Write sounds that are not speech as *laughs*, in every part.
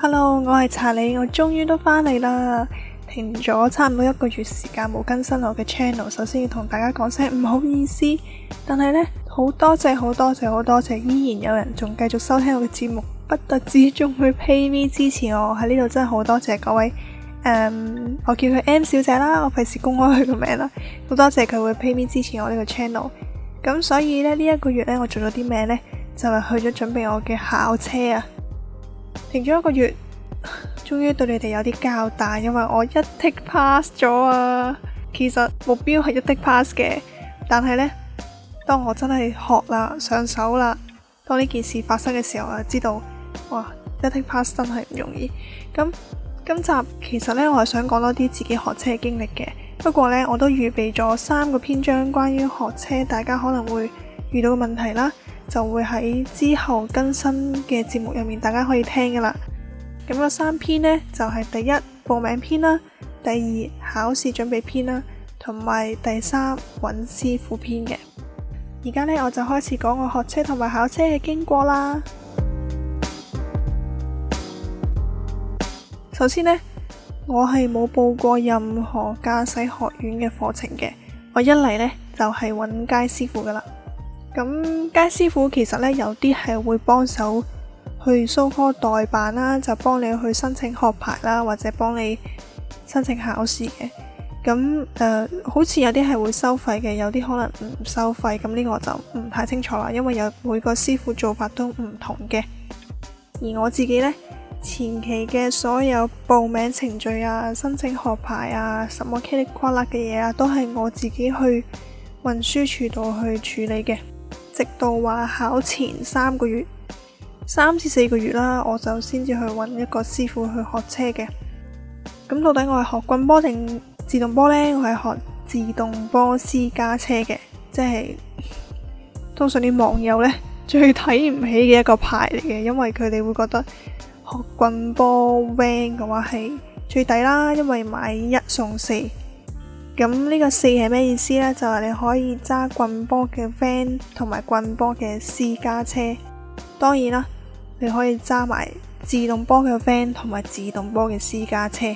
Hello，我係查理，我終於都返嚟啦，停咗差唔多一個月時間冇更新我嘅 channel，首先要同大家講聲唔好意思，但係呢，好多謝好多謝好多謝，依然有人仲繼續收聽我嘅節目，不得之終會 pay me 支持我喺呢度，真係好多謝各位，嗯、我叫佢 M 小姐啦，我費事公開佢個名啦，好多謝佢會 pay me 支持我呢個 channel，咁所以呢，呢、這、一個月呢，我做咗啲咩呢？就係、是、去咗準備我嘅考車啊。停咗一個月，終於對你哋有啲交代，因為我一 take pass 咗啊！其實目標係一 take pass 嘅，但係呢，當我真係學啦、上手啦，當呢件事發生嘅時候，我就知道哇，一 take pass 真係唔容易。咁今集其實呢，我係想講多啲自己學車嘅經歷嘅，不過呢，我都預備咗三個篇章關於學車，大家可能會遇到嘅問題啦。就會喺之後更新嘅節目入面，大家可以聽噶啦。咁個三篇呢，就係第一報名篇啦，第二考試準備篇啦，同埋第三揾師傅篇嘅。而家呢，我就開始講我學車同埋考車嘅經過啦。首先呢，我係冇報過任何駕駛學院嘅課程嘅，我一嚟呢，就係揾街師傅噶啦。咁，街師傅其實咧有啲係會幫手去蘇科代辦啦，就幫你去申請學牌啦，或者幫你申請考試嘅。咁誒、呃，好似有啲係會收費嘅，有啲可能唔收費。咁呢個就唔太清楚啦，因為有每個師傅做法都唔同嘅。而我自己呢，前期嘅所有報名程序啊、申請學牌啊、什麼茄哩瓜喇嘅嘢啊，都係我自己去運輸處度去處理嘅。直到話考前三個月，三至四個月啦，我就先至去搵一個師傅去學車嘅。咁到底我係學棍波定自動波呢？我係學自動波私家車嘅，即係通常啲網友呢最睇唔起嘅一個牌嚟嘅，因為佢哋會覺得學棍波 van 嘅話係最抵啦，因為買一送四。咁呢個四係咩意思呢？就係、是，你可以揸棍波嘅 van 同埋棍波嘅私家車，當然啦，你可以揸埋自動波嘅 van 同埋自動波嘅私家車。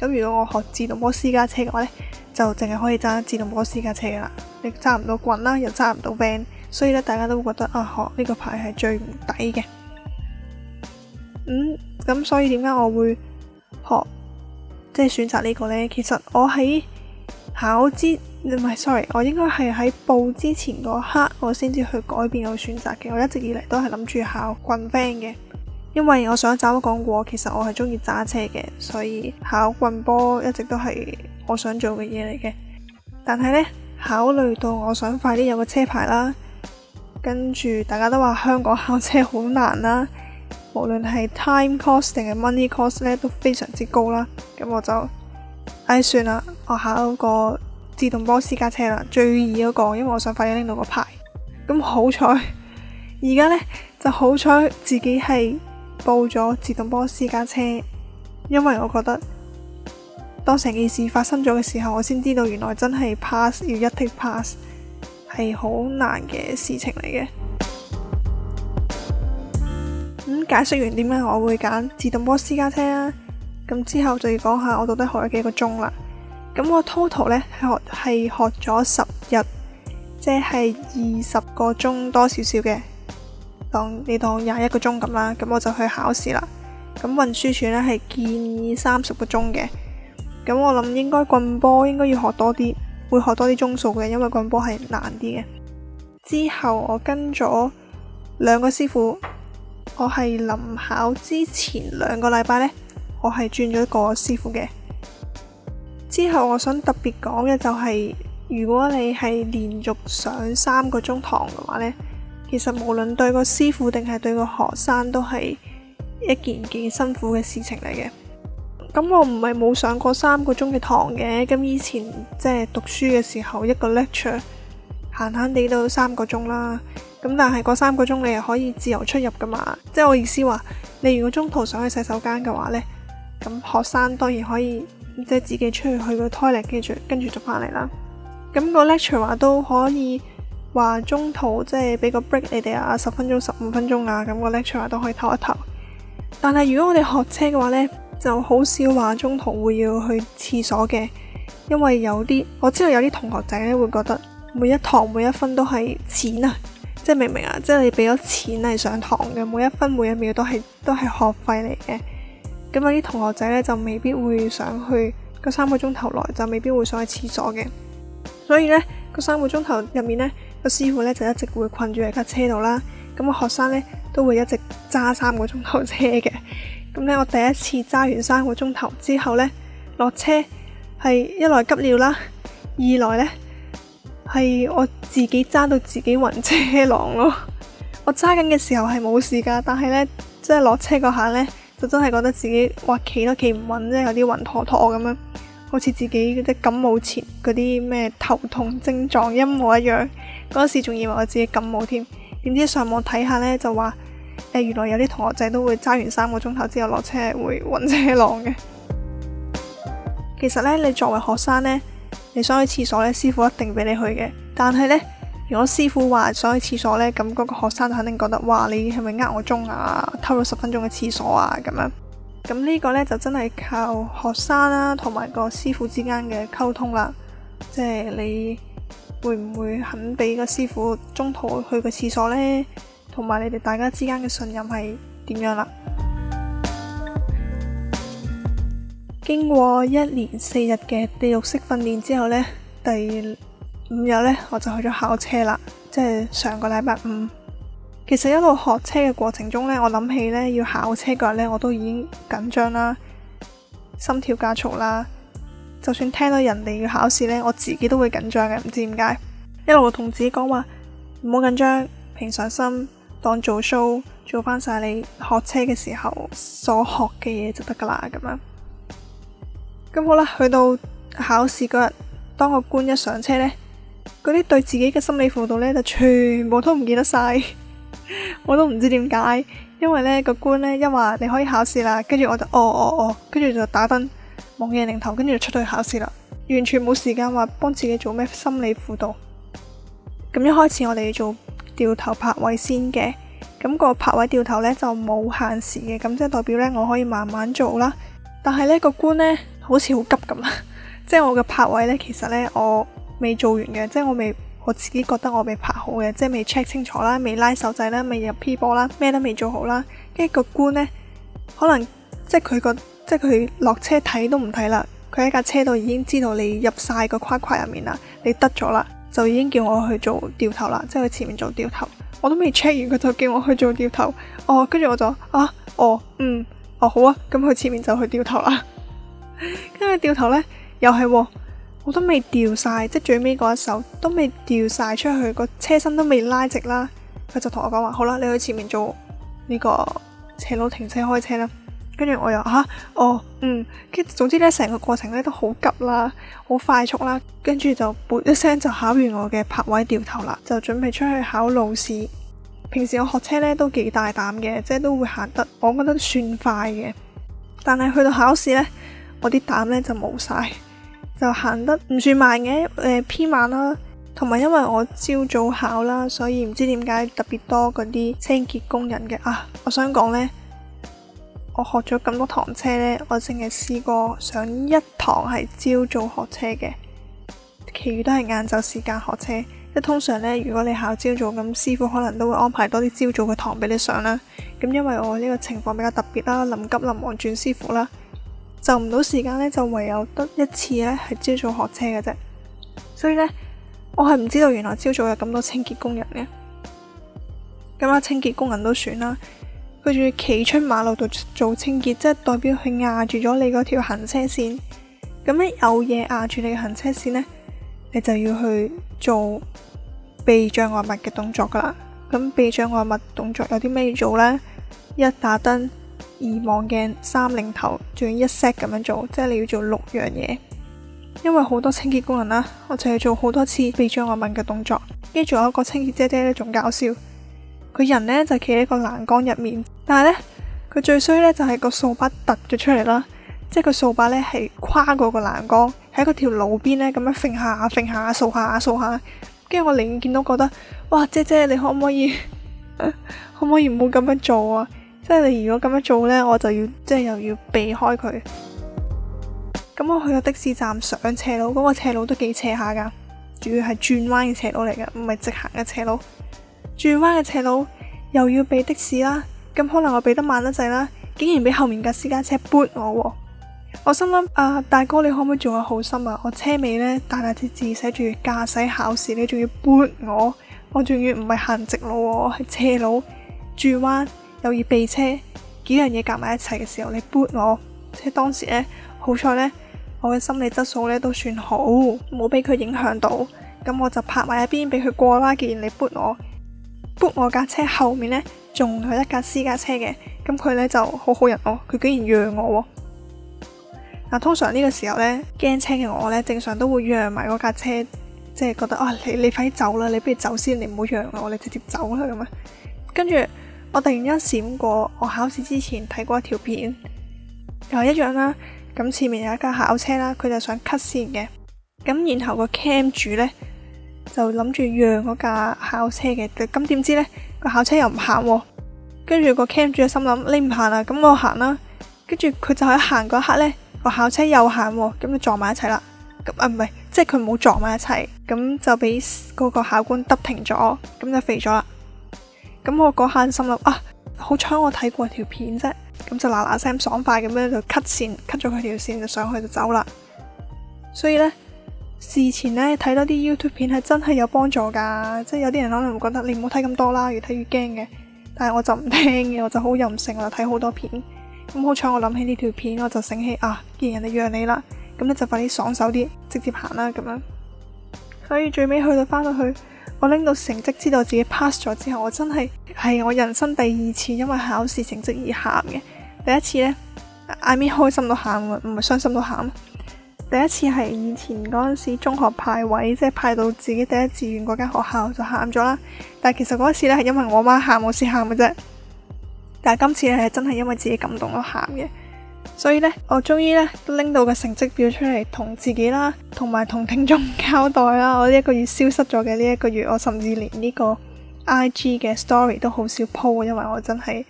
咁如果我學自動波私家車嘅話呢，就淨係可以揸自動波私家車噶啦，你揸唔到棍啦，又揸唔到 van，所以咧，大家都會覺得啊，學、這、呢個牌係最唔抵嘅。咁、嗯、咁，所以點解我會學即係、就是，選擇呢個呢？其實我喺考之唔係，sorry，我應該係喺報之前嗰刻，我先至去改變我選擇嘅。我一直以嚟都係諗住考棍 van 嘅，因為我上一集都講過，其實我係中意揸車嘅，所以考棍波一直都係我想做嘅嘢嚟嘅。但係呢，考慮到我想快啲有個車牌啦，跟住大家都話香港考車好難啦，無論係 time cost 定係 money cost 咧都非常之高啦，咁我就唉、哎、算啦。我考個自動波私家車啦，最易嗰個，因為我想快啲拎到個牌。咁好彩，而家呢就好彩自己係報咗自動波私家車，因為我覺得當成件事發生咗嘅時候，我先知道原來真係 pass 要一 take pass 係好難嘅事情嚟嘅。咁解釋完點解我會揀自動波私家車啊。咁之後就要講下我到底學咗幾個鐘啦。咁我 total 咧學係學咗十日，即係二十個鐘多少少嘅，當你當廿一個鐘咁啦。咁我就去考試啦。咁運輸處咧係建議三十個鐘嘅。咁我諗應該棍波應該要學多啲，會學多啲鐘數嘅，因為棍波係難啲嘅。之後我跟咗兩個師傅，我係臨考之前兩個禮拜咧，我係轉咗一個師傅嘅。之後我想特別講嘅就係，如果你係連續上三個鐘堂嘅話呢，其實無論對個師傅定係對個學生都係一件幾辛苦嘅事情嚟嘅。咁我唔係冇上過三個鐘嘅堂嘅，咁以前即係讀書嘅時候一個 lecture，閒閒地到三個鐘啦。咁但係嗰三個鐘你又可以自由出入噶嘛，即係我意思話，你如果中途想去洗手間嘅話呢，咁學生當然可以。即係自己出去去個 toilet，跟住跟住就翻嚟啦。咁、那個 lecture 話都可以話中途即係俾個 break 你哋啊，十分鐘、十五分鐘啊。咁、那個 lecture 話都可以唞一唞。但係如果我哋學車嘅話呢，就好少話中途會要去廁所嘅，因為有啲我知道有啲同學仔會覺得每一堂每一分都係錢啊，即係明唔明啊？即係你俾咗錢嚟上堂嘅，每一分每一秒都係都係學費嚟嘅。咁啊啲同學仔咧就未必會上去個三個鐘頭內就未必會上去廁所嘅，所以咧個三個鐘頭入面咧個師傅咧就一直會困住喺架車度啦。咁啊學生咧都會一直揸三個鐘頭車嘅。咁咧我第一次揸完三個鐘頭之後咧落車係一來急尿啦，二來咧係我自己揸到自己暈車浪咯。我揸緊嘅時候係冇事㗎，但係咧即係落車嗰下咧。就真係覺得自己哇，企都企唔穩啫，有啲暈陀陀咁樣，好似自己嗰啲感冒前嗰啲咩頭痛症狀一模一樣。嗰陣時仲以為我自己感冒添，點知上網睇下呢，就話，呃，原來有啲同學仔都會揸完三個鐘頭之後落車會暈車浪嘅。其實呢，你作為學生呢，你想去廁所呢，師傅一定俾你去嘅，但係呢。如果師傅話想去廁所呢，咁嗰個學生就肯定覺得，哇！你係咪呃我鐘啊？偷咗十分鐘嘅廁所啊咁樣。咁呢個呢，就真係靠學生啦、啊，同埋個師傅之間嘅溝通啦。即係你會唔會肯俾個師傅中途去個廁所呢？同埋你哋大家之間嘅信任係點樣啦？經過一連四日嘅地獄式訓練之後呢，第五日呢，我就去咗考車啦。即係上個禮拜五，其實一路學車嘅過程中呢，我諗起呢要考車嗰日呢，我都已經緊張啦，心跳加速啦。就算聽到人哋要考試呢，我自己都會緊張嘅，唔知點解。一路同自己講話唔好緊張，平常心當做 show，做翻晒你學車嘅時候所學嘅嘢就得㗎啦。咁樣咁好啦，去到考試嗰日，當個官一上車呢。嗰啲對自己嘅心理輔導咧，就全部都唔記得晒。 *laughs* 我都唔知點解，因為咧、個官咧一話你可以考試啦，跟住我就哦哦哦，跟、哦、住、哦、就打燈望嘢擰頭，跟住就出去考試啦，完全冇時間話幫自己做咩心理輔導。咁一開始我哋要做掉頭拍位先嘅，咁、個拍位掉頭咧就冇限時嘅，咁即係代表咧我可以慢慢做啦。但係咧、個官咧好似好急咁啦，即 *laughs* 係我嘅拍位咧，其實咧我。未做完嘅，即係我未，我自己覺得我未拍好嘅，即係未 check 清楚啦，未拉手掣啦，未入 P 波啦，咩都未做好啦，跟住個官呢，可能即係佢個，即係佢落車睇都唔睇啦，佢喺架車度已經知道你入晒個框框入面啦，你得咗啦，就已經叫我去做掉頭啦，即係去前面做掉頭，我都未 check 完，佢就叫我去做掉頭，哦，跟住我就啊，哦，嗯，哦好啊，咁佢前面就去掉頭啦，跟住掉頭呢，又係。哦我都未掉晒，即係最尾嗰一手都未掉晒出去，個車身都未拉直啦。佢就同我講話，好啦，你去前面做呢個斜路停車開車啦。跟住我又嚇、啊，哦，嗯，跟，總之咧，成個過程咧都好急啦，好快速啦。跟住就啵一聲就考完我嘅泊位掉頭啦，就準備出去考路試。平時我學車咧都幾大膽嘅，即係都會行得，我覺得算快嘅。但係去到考試呢，我啲膽咧就冇晒。就行得唔算慢嘅，誒、呃、偏慢啦，同埋因為我朝早考啦，所以唔知點解特別多嗰啲清潔工人嘅啊！我想講呢，我學咗咁多堂車呢，我淨係試過上一堂係朝早學車嘅，其餘都係晏晝時間學車。即通常呢，如果你考朝早咁，師傅可能都會安排多啲朝早嘅堂俾你上啦。咁因為我呢個情況比較特別啦，臨急臨忙轉師傅啦。就唔到時間呢，就唯有得一次呢，係朝早學車嘅啫。所以呢，我係唔知道原來朝早有咁多清潔工人嘅。咁啊，清潔工人都算啦，佢仲要企出馬路度做清潔，即係代表佢壓住咗你嗰條行車線。咁呢有嘢壓住你嘅行車線呢，你就要去做避障礙物嘅動作噶啦。咁避障礙物動作有啲咩要做呢？一打燈。以望鏡三零頭，仲要一 set 咁樣做，即係你要做六樣嘢，因為好多清潔工人啦，我就要做好多次鼻張我瞇嘅動作，跟住仲有一個清潔姐姐咧，仲搞笑，佢人呢，就企喺個欄杆入面，但係呢，佢最衰呢，就係個掃把突咗出嚟啦，即係個掃把呢，係跨過個欄杆，喺個條路邊呢，咁樣揈下揈下掃下掃下掃下，跟住我連見都覺得，哇，姐姐你可唔可以 *laughs* 可唔可以唔好咁樣做啊？即係你如果咁樣做呢，我就要即係又要避開佢。咁我去到的士站上斜路，嗰個斜路都幾斜下,噶主要係轉彎嘅斜路嚟嘅，唔係直行嘅斜路。轉彎嘅斜路又要避的士啦，咁可能我避得慢得滯啦，竟然俾後面嘅私家車撥我喎。我心諗啊，大哥你可唔可以做個好心啊？我車尾呢，大大隻字寫住駕駛考試，你仲要撥我？我仲要唔係行直路喎，係斜路轉彎。轉彎又要避車，幾樣嘢夾埋一齊嘅時候，你 beep 我，即係當時咧，好彩呢，我嘅心理質素呢都算好，冇俾佢影響到，咁我就拍埋一邊俾佢過啦。既然你 beep 我 beep 我架車後面呢，仲有一架私家車嘅，咁佢呢就好好人我、喎，佢居然讓我、喎。嗱、啊，通常呢個時候呢，驚車嘅我呢，正常都會讓埋嗰架車，即、就、係、是、覺得啊，你你快啲走啦，你不如先走先，你唔好讓我，你直接走啦咁啊，跟住。我突然間閃過，我考試之前睇過一條片，又、係、一樣啦。咁前面有一架校車啦，佢就想 cut 線嘅，咁然後個 cam 主呢，就諗住讓嗰架校車嘅，咁點知呢？個校車又唔行，跟住個 cam 主就心諗你唔行啊，咁、啊、我行啦、啊。跟住佢就喺行嗰刻呢，個校車又行、啊，咁就撞埋一齊啦。咁啊唔係，即係佢冇撞埋一齊，咁就俾嗰個考官篤停咗，咁就肥咗啦。咁我嗰刻心諗啊，好彩我睇過條片啫，咁就嗱嗱聲爽快咁樣就 cut 線，cut 咗佢條線就上去就走啦。所以呢，事前呢睇多啲 YouTube 片係真係有幫助噶，即係有啲人可能會覺得你唔好睇咁多啦，越睇越驚嘅。但係我就唔聽嘅，我就好任性啦，睇好多片。咁好彩我諗起呢條片，我就醒起啊，既然人哋讓你啦，咁你就快啲爽手啲，直接行啦咁樣。所以最尾去到翻到去。我拎到成績，知道自己 pass 咗之後，我真係係我人生第二次因為考試成績而喊嘅。第一次呢，阿咪 e 開心到喊唔係傷心到喊。第一次係以前嗰陣時中學派位，即係派到自己第一志願嗰間學校就喊咗啦。但係其實嗰一次咧係因為我媽喊，我先喊嘅啫。但係今次咧係真係因為自己感動到喊嘅。所以咧，我終於咧拎到個成績表出嚟，同自己啦，同埋同聽眾交代啦。我呢一個月消失咗嘅呢一個月，我甚至連呢個 I G 嘅 story 都好少 po，因為我真係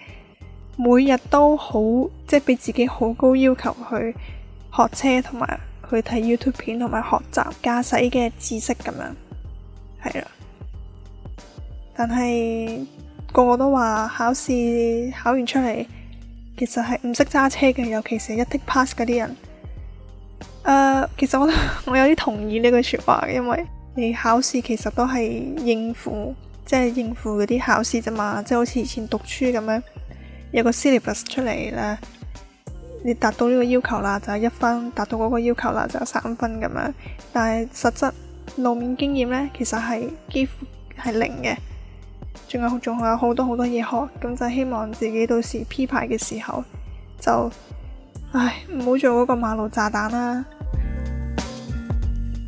每日都好，即係俾自己好高要求去學車，同埋去睇 YouTube 片，同埋學習駕駛嘅知識咁樣，係啦。但係個個都話考試考完出嚟。其實係唔識揸車嘅，尤其是一 take pass 嗰啲人，誒、呃，其實我我有啲同意呢句說話嘅，因為你考試其實都係應付，即係應付嗰啲考試咋嘛，即係好似以前讀書咁樣，有個 certificate 出嚟啦，你達到呢個要求啦就係一分，達到嗰個要求啦就係三分咁樣。但係實質路面經驗呢，其實係幾乎係零嘅。仲有仲有好多好多嘢學，咁就希望自己到時 P 牌嘅時候就，唉唔好做嗰個馬路炸彈啦。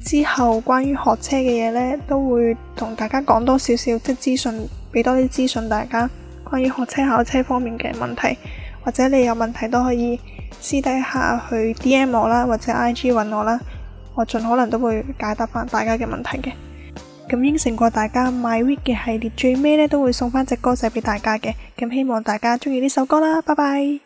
之後關於學車嘅嘢呢，都會同大家講多少少，即係資訊，俾多啲資訊大家。關於學車、考車方面嘅問題，或者你有問題都可以私底下去 DM 我啦，或者 IG 揾我啦，我盡可能都會解答翻大家嘅問題嘅。咁應承過大家 My Week 嘅系列最尾咧都會送返隻歌仔俾大家嘅，咁希望大家鍾意呢首歌啦，拜拜。